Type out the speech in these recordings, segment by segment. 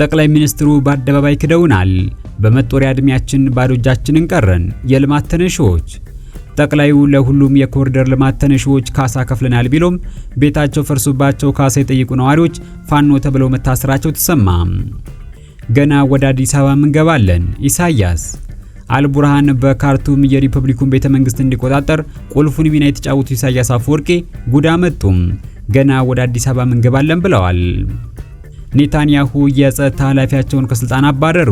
ጠቅላይ ሚኒስትሩ በአደባባይ ክደውናል። በመጦሪያ ዕድሜያችን ባዶ እጃችንን ቀረን። የልማት ተነሺዎች ጠቅላዩ ለሁሉም የኮሪደር ልማት ተነሺዎች ካሳ ከፍለናል ቢሎም ቤታቸው ፈርሶባቸው ካሳ የጠየቁ ነዋሪዎች ፋኖ ተብለው መታሰራቸው ተሰማ። ገና ወደ አዲስ አበባ እንገባለን። ኢሳያስ አልቡርሃን በካርቱም የሪፐብሊኩን ቤተ መንግስት እንዲቆጣጠር ቁልፉን ሚና የተጫወቱ ኢሳያስ አፈወርቄ ጉዳ መጡም። ገና ወደ አዲስ አበባ እንገባለን ብለዋል። ኔታንያሁ የጸጥታ ኃላፊያቸውን ከስልጣን አባረሩ።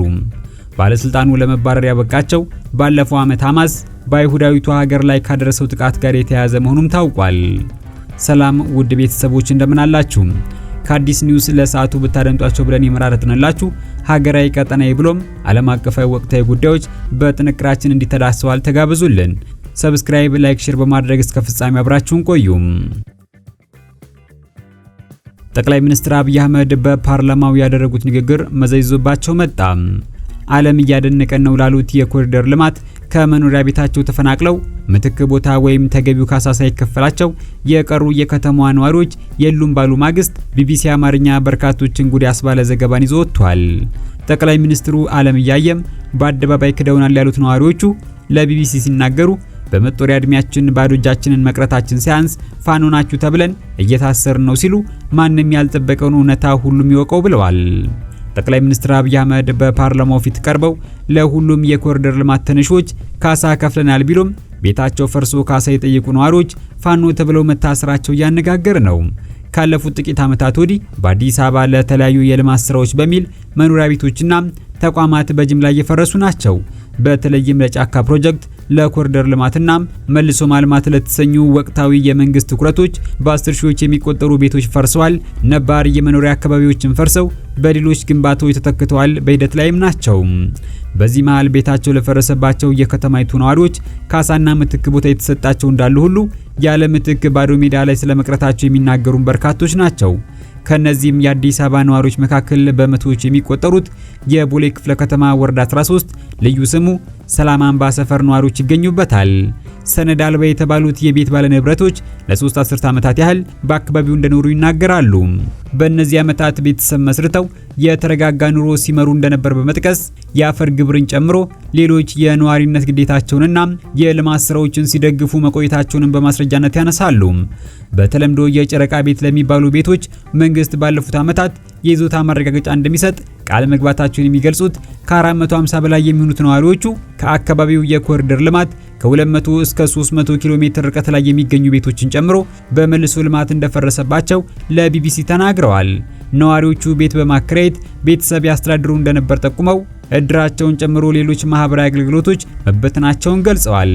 ባለስልጣኑ ለመባረር ያበቃቸው ባለፈው ዓመት ሐማስ በአይሁዳዊቱ ሀገር ላይ ካደረሰው ጥቃት ጋር የተያያዘ መሆኑም ታውቋል። ሰላም ውድ ቤተሰቦች እንደምን አላችሁ? ከአዲስ ኒውስ ለሰዓቱ ብታደምጧቸው ብለን የመራረጥንላችሁ ሀገራዊ፣ ቀጠናዊ ብሎም ዓለም አቀፋዊ ወቅታዊ ጉዳዮች በጥንቅራችን እንዲተዳሰዋል ተጋብዙልን። ሰብስክራይብ፣ ላይክ፣ ሼር በማድረግ እስከ ፍጻሜ አብራችሁን ቆዩም። ጠቅላይ ሚኒስትር አብይ አህመድ በፓርላማው ያደረጉት ንግግር መዘይዞባቸው ይዞባቸው መጣ። ዓለም እያደነቀን ነው ላሉት የኮሪደር ልማት ከመኖሪያ ቤታቸው ተፈናቅለው ምትክ ቦታ ወይም ተገቢው ካሳ ሳይከፈላቸው የቀሩ የከተማዋ ነዋሪዎች የሉም ባሉ ማግስት ቢቢሲ አማርኛ በርካቶችን ጉድ ያስባለ ዘገባን ይዞ ወጥቷል። ጠቅላይ ሚኒስትሩ ዓለም እያየም በአደባባይ ክደውናል ያሉት ነዋሪዎቹ ለቢቢሲ ሲናገሩ በመጦሪያ እድሜያችን ባዶ እጃችንን መቅረታችን ሳያንስ ፋኖ ናችሁ ተብለን እየታሰርን ነው ሲሉ ማንም ያልጠበቀውን እውነታ ሁሉም ይወቀው ብለዋል። ጠቅላይ ሚኒስትር አብይ አህመድ በፓርላማው ፊት ቀርበው ለሁሉም የኮሪደር ልማት ተነሾች ካሳ ከፍለናል ቢሉም ቤታቸው ፈርሶ ካሳ የጠየቁ ነዋሪዎች ፋኖ ተብለው መታሰራቸው እያነጋገረ ነው። ካለፉት ጥቂት ዓመታት ወዲህ በአዲስ አበባ ለተለያዩ የልማት ስራዎች በሚል መኖሪያ ቤቶችና ተቋማት በጅምላ እየፈረሱ ናቸው። በተለይም ለጫካ ፕሮጀክት ለኮሪደር ልማትና መልሶ ማልማት ለተሰኙ ወቅታዊ የመንግስት ትኩረቶች በአስር ሺዎች የሚቆጠሩ ቤቶች ፈርሰዋል። ነባር የመኖሪያ አካባቢዎችን ፈርሰው በሌሎች ግንባታዎች ተተክተዋል፣ በሂደት ላይም ናቸው። በዚህ መሃል ቤታቸው ለፈረሰባቸው የከተማይቱ ነዋሪዎች ካሳና ምትክ ቦታ የተሰጣቸው እንዳሉ ሁሉ ያለ ምትክ ባዶ ሜዳ ላይ ስለመቅረታቸው የሚናገሩን በርካቶች ናቸው። ከነዚህም የአዲስ አበባ ነዋሪዎች መካከል በመቶዎች የሚቆጠሩት የቦሌ ክፍለ ከተማ ወረዳ 13 ልዩ ስሙ ሰላም አምባ ሰፈር ነዋሪዎች ይገኙበታል። ሰነድ አልባ የተባሉት የቤት ባለንብረቶች ለሶስት አስርት ዓመታት ያህል በአካባቢው እንደኖሩ ይናገራሉ። በእነዚህ ዓመታት ቤተሰብ መስርተው የተረጋጋ ኑሮ ሲመሩ እንደነበር በመጥቀስ የአፈር ግብርን ጨምሮ ሌሎች የነዋሪነት ግዴታቸውንና የልማት ስራዎችን ሲደግፉ መቆየታቸውንም በማስረጃነት ያነሳሉ። በተለምዶ የጨረቃ ቤት ለሚባሉ ቤቶች መንግስት ባለፉት ዓመታት የይዞታ ማረጋገጫ እንደሚሰጥ ቃል መግባታቸውን የሚገልጹት ከ450 በላይ የሚሆኑት ነዋሪዎቹ ከአካባቢው የኮሪደር ልማት ከ200 እስከ 300 ኪሎ ሜትር ርቀት ላይ የሚገኙ ቤቶችን ጨምሮ በመልሶ ልማት እንደፈረሰባቸው ለቢቢሲ ተናግረዋል። ነዋሪዎቹ ቤት በማከራየት ቤተሰብ ያስተዳድሩ እንደነበር ጠቁመው እድራቸውን ጨምሮ ሌሎች ማህበራዊ አገልግሎቶች መበተናቸውን ገልጸዋል።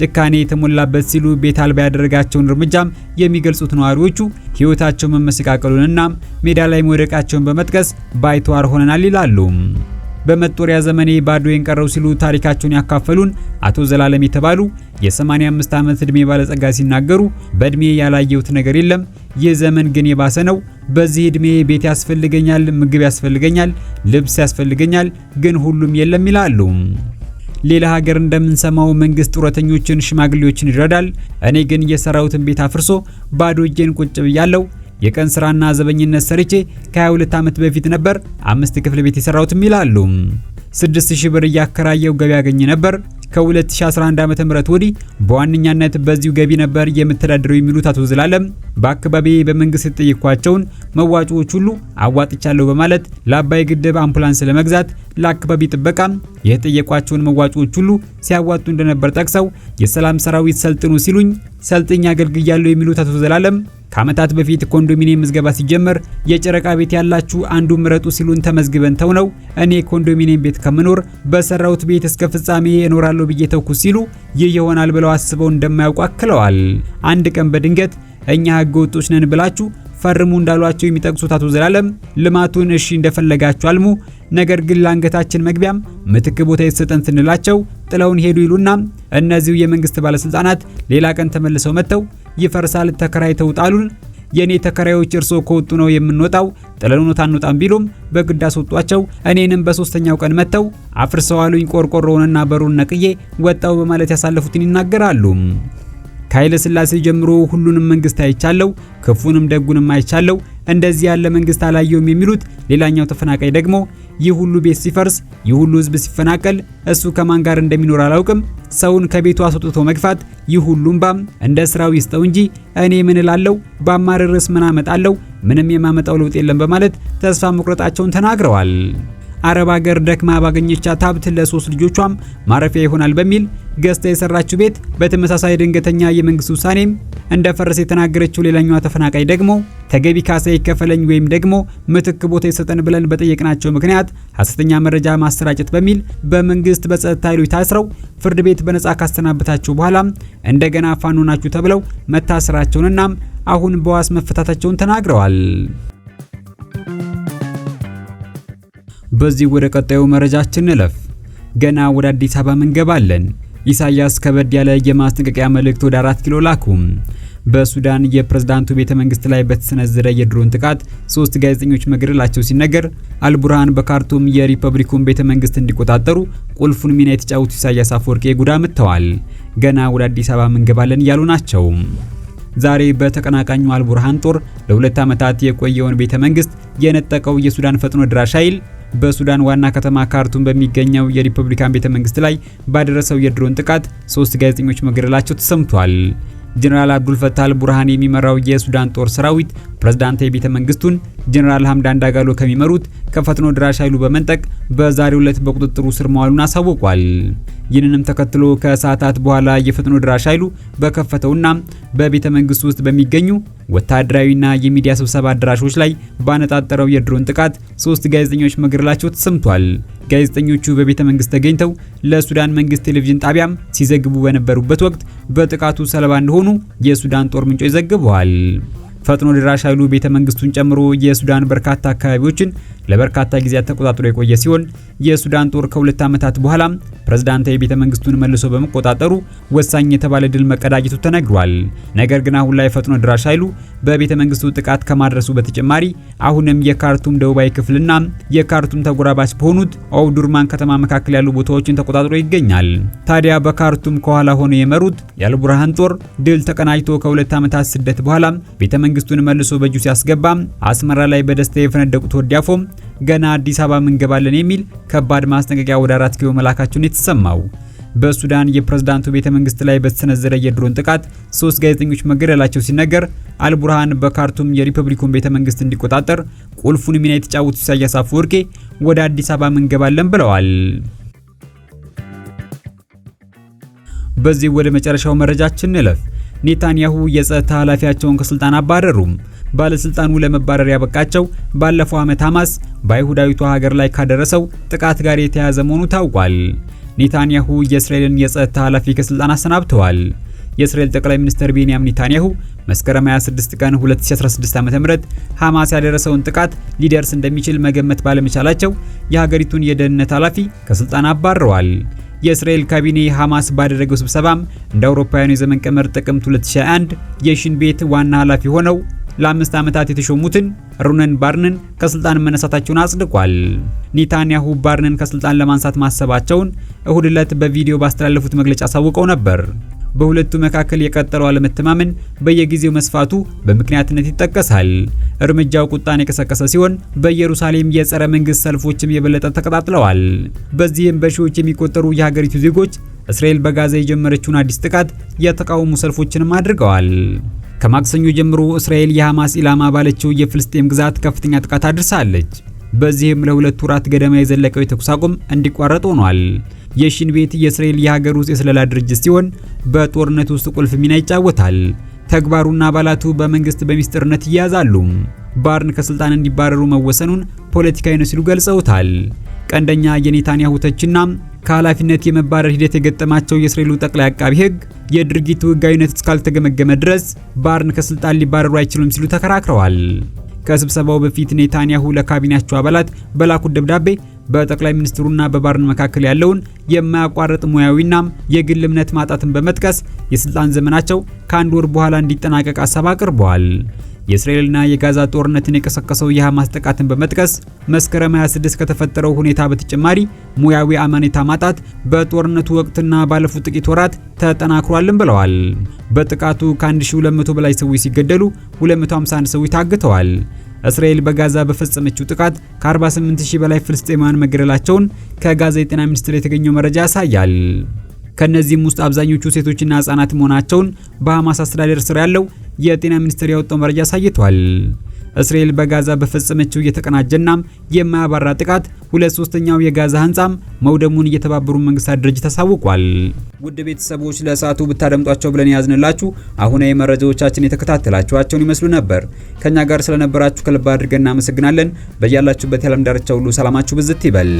ጭካኔ የተሞላበት ሲሉ ቤት አልባ ያደረጋቸውን እርምጃም የሚገልጹት ነዋሪዎቹ ሕይወታቸው መመሰቃቀሉንና ሜዳ ላይ መውደቃቸውን በመጥቀስ ባይተዋር ሆነናል ይላሉ። በመጦሪያ ዘመኔ ባዶዬን ቀረው ሲሉ ታሪካቸውን ያካፈሉን አቶ ዘላለም የተባሉ የ85 ዓመት ዕድሜ ባለጸጋ ሲናገሩ በዕድሜ ያላየሁት ነገር የለም። ይህ ዘመን ግን የባሰ ነው። በዚህ ዕድሜ ቤት ያስፈልገኛል፣ ምግብ ያስፈልገኛል፣ ልብስ ያስፈልገኛል፣ ግን ሁሉም የለም ይላሉ። ሌላ ሀገር እንደምንሰማው መንግስት ጡረተኞችን፣ ሽማግሌዎችን ይረዳል። እኔ ግን የሰራሁትን ቤት አፍርሶ ባዶ እጄን ቁጭ ብያለሁ። የቀን ስራና ዘበኝነት ሰርቼ ከ22 ዓመት በፊት ነበር አምስት ክፍል ቤት የሰራሁትም ይላሉ። 6000 ብር እያከራየው ገቢ ያገኝ ነበር። ከ2011 ዓመተ ምህረት ወዲህ በዋነኛነት በዚሁ ገቢ ነበር የምተዳደረው የሚሉት አቶ ዘላለም በአካባቢ በመንግስት የጠየኳቸውን መዋጮዎች ሁሉ አዋጥቻለሁ በማለት ለአባይ ግድብ አምቡላንስ ለመግዛት ለአካባቢ ጥበቃ የጠየቋቸውን መዋጮዎች ሁሉ ሲያዋጡ እንደነበር ጠቅሰው የሰላም ሰራዊት ሰልጥኑ ሲሉኝ ሰልጥኝ አገልግያለሁ የሚሉት አቶ ዘላለም ከዓመታት በፊት ኮንዶሚኒየም ምዝገባ ሲጀመር የጨረቃ ቤት ያላችሁ አንዱ ምረጡ ሲሉን ተመዝግበን ተው ነው እኔ ኮንዶሚኒየም ቤት ከምኖር በሰራሁት ቤት እስከ ፍጻሜ እኖራለሁ ብዬ ተውኩ ሲሉ ይህ ይሆናል ብለው አስበው እንደማያውቁ አክለዋል። አንድ ቀን በድንገት እኛ ህገ ወጦች ነን ብላችሁ ፈርሙ እንዳሏቸው የሚጠቅሱት አቶ ዘላለም ልማቱን እሺ እንደፈለጋችሁ አልሙ ነገር ግን ለአንገታችን መግቢያም ምትክ ቦታ የተሰጠን ስንላቸው ጥለውን ሄዱ ይሉና እነዚሁ የመንግስት ባለስልጣናት ሌላ ቀን ተመልሰው መጥተው ይፈርሳል፣ ተከራይተው ጣሉን። የኔ ተከራዮች እርሶ ከወጡ ነው የምንወጣው፣ ጥለኑት አንወጣም ቢሉም በግድ አስወጧቸው። እኔንም በሶስተኛው ቀን መጥተው አፍርሰው ቆርቆሮውንና በሩን ነቅዬ ወጣው በማለት ያሳለፉትን ይናገራሉ። ከኃይለ ሥላሴ ጀምሮ ሁሉንም መንግስት አይቻለው፣ ክፉንም ደጉንም አይቻለው፣ እንደዚህ ያለ መንግስት አላየውም የሚሉት ሌላኛው ተፈናቃይ ደግሞ ይህ ሁሉ ቤት ሲፈርስ፣ ይህ ሁሉ ህዝብ ሲፈናቀል እሱ ከማን ጋር እንደሚኖር አላውቅም። ሰውን ከቤቱ አስወጥቶ መግፋት፣ ይህ ሁሉም ባም እንደ ስራው ይስጠው እንጂ እኔ ምን እላለሁ? ባማረርስ ምን አመጣለሁ? ምንም የማመጣው ለውጥ የለም በማለት ተስፋ መቁረጣቸውን ተናግረዋል። አረብ ሀገር ደክማ ባገኘቻት ሀብት ለሶስት ልጆቿም ማረፊያ ይሆናል በሚል ገዝታ የሰራችው ቤት በተመሳሳይ ድንገተኛ የመንግስት ውሳኔም እንደፈረሰ የተናገረችው ሌላኛዋ ተፈናቃይ ደግሞ ተገቢ ካሳ ይከፈለኝ ወይም ደግሞ ምትክ ቦታ ይሰጠን ብለን በጠየቅናቸው ምክንያት ሀሰተኛ መረጃ ማሰራጨት በሚል በመንግስት በጸጥታ ኃይሎች ታስረው ፍርድ ቤት በነጻ ካሰናበታቸው በኋላ እንደገና ፋኖ ናችሁ ተብለው መታሰራቸውንና አሁን በዋስ መፈታታቸውን ተናግረዋል። በዚህ ወደ ቀጣዩ መረጃችን እንለፍ። ገና ወደ አዲስ አበባ እንገባለን። ኢሳያስ ከበድ ያለ የማስጠንቀቂያ መልእክት ወደ አራት ኪሎ ላኩ። በሱዳን የፕሬዝዳንቱ ቤተ መንግስት ላይ በተሰነዘረ የድሮን ጥቃት ሶስት ጋዜጠኞች መገደላቸው ሲነገር አልቡርሃን በካርቱም የሪፐብሊኩን ቤተ መንግስት እንዲቆጣጠሩ ቁልፉን ሚና የተጫወቱ ኢሳያስ አፈወርቄ ጉዳ መጥተዋል። ገና ወደ አዲስ አበባ እንገባለን እያሉ ናቸው። ዛሬ በተቀናቃኙ አልቡርሃን ጦር ለሁለት ዓመታት የቆየውን ቤተ መንግስት የነጠቀው የሱዳን ፈጥኖ ድራሽ ኃይል በሱዳን ዋና ከተማ ካርቱም በሚገኘው የሪፐብሊካን ቤተ መንግስት ላይ ባደረሰው የድሮን ጥቃት ሶስት ጋዜጠኞች መገደላቸው ተሰምቷል። ጀኔራል አብዱልፈታል ቡርሃን የሚመራው የሱዳን ጦር ሰራዊት ፕሬዝዳንት የቤተ መንግስቱን ጀኔራል ሀምዳን ዳጋሎ ከሚመሩት ከፈጥኖ ድራሽ ኃይሉ በመንጠቅ በዛሬው ዕለት በቁጥጥሩ ስር መዋሉን አሳውቋል። ይህንንም ተከትሎ ከሰዓታት በኋላ የፈጥኖ ድራሽ ኃይሉ በከፈተውና በቤተ መንግስቱ ውስጥ በሚገኙ ወታደራዊና የሚዲያ ስብሰባ አዳራሾች ላይ ባነጣጠረው የድሮን ጥቃት ሶስት ጋዜጠኞች መገደላቸው ተሰምቷል። ጋዜጠኞቹ በቤተ መንግስት ተገኝተው ለሱዳን መንግስት ቴሌቪዥን ጣቢያም ሲዘግቡ በነበሩበት ወቅት በጥቃቱ ሰለባ እንደሆኑ የሱዳን ጦር ምንጮች ዘግበዋል። ፈጥኖ ድራሽ ኃይሉ ቤተ መንግስቱን ጨምሮ የሱዳን በርካታ አካባቢዎችን ለበርካታ ጊዜያት ተቆጣጥሮ የቆየ ሲሆን የሱዳን ጦር ከሁለት ዓመታት በኋላ ፕሬዝዳንታዊ ቤተ መንግስቱን መልሶ በመቆጣጠሩ ወሳኝ የተባለ ድል መቀዳጀቱ ተነግሯል። ነገር ግን አሁን ላይ ፈጥኖ ድራሽ ኃይሉ በቤተ መንግስቱ ጥቃት ከማድረሱ በተጨማሪ አሁንም የካርቱም ደቡባዊ ክፍልና የካርቱም ተጎራባች በሆኑት ኦውዱርማን ከተማ መካከል ያሉ ቦታዎችን ተቆጣጥሮ ይገኛል። ታዲያ በካርቱም ከኋላ ሆነው የመሩት የአልቡርሃን ጦር ድል ተቀናጅቶ ከሁለት ዓመታት ስደት በኋላ ቤተ መንግስቱን መልሶ በእጁ ሲያስገባ አስመራ ላይ በደስታ የፈነደቁት ወዲያፎ ገና አዲስ አበባ እንገባለን የሚል ከባድ ማስጠንቀቂያ ወደ አራት ኪሎ መላካቸውን የተሰማው በሱዳን የፕሬዝዳንቱ ቤተ መንግስት ላይ በተሰነዘረ የድሮን ጥቃት ሶስት ጋዜጠኞች መገደላቸው ሲነገር አልቡርሃን በካርቱም የሪፐብሊኩን ቤተ መንግስት እንዲቆጣጠር ቁልፉን ሚና የተጫወቱት ኢሳያስ አፈወርቂ ወደ አዲስ አበባ እንገባለን ብለዋል። በዚህ ወደ መጨረሻው መረጃችን እንለፍ። ኔታንያሁ የጸጥታ ኃላፊያቸውን ከስልጣን አባረሩ። ባለስልጣኑ ለመባረር ያበቃቸው ባለፈው ዓመት ሐማስ በአይሁዳዊቷ ሀገር ላይ ካደረሰው ጥቃት ጋር የተያያዘ መሆኑ ታውቋል። ኔታንያሁ የእስራኤልን የጸጥታ ኃላፊ ከስልጣን አሰናብተዋል። የእስራኤል ጠቅላይ ሚኒስትር ቤንያም ኔታንያሁ መስከረም 26 ቀን 2016 ዓ.ም ሐማስ ያደረሰውን ጥቃት ሊደርስ እንደሚችል መገመት ባለመቻላቸው የሀገሪቱን የደህንነት ኃላፊ ከስልጣን አባረዋል። የእስራኤል ካቢኔ ሐማስ ባደረገው ስብሰባም እንደ አውሮፓውያኑ የዘመን ቀመር ጥቅምት 2021 የሽን ቤት ዋና ኃላፊ ሆነው ለአምስት ዓመታት የተሾሙትን ሩነን ባርንን ከስልጣን መነሳታቸውን አጽድቋል። ኔታንያሁ ባርንን ከስልጣን ለማንሳት ማሰባቸውን እሁድ ዕለት በቪዲዮ ባስተላለፉት መግለጫ አሳውቀው ነበር። በሁለቱ መካከል የቀጠለው አለመተማመን በየጊዜው መስፋቱ በምክንያትነት ይጠቀሳል። እርምጃው ቁጣን የቀሰቀሰ ሲሆን በኢየሩሳሌም የጸረ መንግስት ሰልፎችም የበለጠ ተቀጣጥለዋል። በዚህም በሺዎች የሚቆጠሩ የሀገሪቱ ዜጎች እስራኤል በጋዛ የጀመረችውን አዲስ ጥቃት የተቃውሞ ሰልፎችንም አድርገዋል። ከማክሰኞ ጀምሮ እስራኤል የሐማስ ኢላማ ባለችው የፍልስጤም ግዛት ከፍተኛ ጥቃት አድርሳለች። በዚህም ለሁለት ወራት ገደማ የዘለቀው የተኩስ አቁም እንዲቋረጥ ሆኗል። የሺን ቤት የእስራኤል የሀገር ውስጥ የስለላ ድርጅት ሲሆን በጦርነት ውስጥ ቁልፍ ሚና ይጫወታል። ተግባሩና አባላቱ በመንግስት በሚስጥርነት ይያዛሉ። ባርን ከስልጣን እንዲባረሩ መወሰኑን ፖለቲካዊ ነው ሲሉ ገልጸውታል። ቀንደኛ የኔታንያሁ ተችና ከኃላፊነት የመባረር ሂደት የገጠማቸው የእስራኤሉ ጠቅላይ አቃቢ ህግ የድርጊቱ ሕጋዊነት እስካልተገመገመ ድረስ ባርን ከስልጣን ሊባረሩ አይችሉም ሲሉ ተከራክረዋል። ከስብሰባው በፊት ኔታንያሁ ለካቢኔያቸው አባላት በላኩት ደብዳቤ በጠቅላይ ሚኒስትሩና በባርን መካከል ያለውን የማያቋርጥ ሙያዊና የግል እምነት ማጣትን በመጥቀስ የስልጣን ዘመናቸው ከአንድ ወር በኋላ እንዲጠናቀቅ ሀሳብ አቅርበዋል። የእስራኤልና የጋዛ ጦርነትን የቀሰቀሰው የሐማስ ጥቃትን በመጥቀስ መስከረም 26 ከተፈጠረው ሁኔታ በተጨማሪ ሙያዊ አመኔታ ማጣት በጦርነቱ ወቅትና ባለፉት ጥቂት ወራት ተጠናክሯልም ብለዋል። በጥቃቱ ከ1200 በላይ ሰዎች ሲገደሉ 251 ሰዎች ታግተዋል። እስራኤል በጋዛ በፈጸመችው ጥቃት ከ48000 በላይ ፍልስጤማውያን መገደላቸውን ከጋዛ የጤና ሚኒስቴር የተገኘው መረጃ ያሳያል። ከነዚህም ውስጥ አብዛኞቹ ሴቶችና ህጻናት መሆናቸውን በሐማስ አስተዳደር ስር ያለው የጤና ሚኒስቴር ያወጣው መረጃ አሳይቷል። እስራኤል በጋዛ በፈጸመችው የተቀናጀና የማያባራ ጥቃት ሁለት ሶስተኛው የጋዛ ህንጻም መውደሙን የተባበሩ መንግስታት ድርጅት አሳውቋል። ውድ ቤተሰቦች ለሰዓቱ ብታደምጧቸው ብለን ያዝንላችሁ አሁን መረጃዎቻችን የተከታተላችኋቸውን ይመስሉ ነበር። ከኛ ጋር ስለነበራችሁ ከልብ አድርገን እናመሰግናለን። በያላችሁበት የዓለም ዳርቻ ሁሉ ሰላማችሁ ብዝት ይበል።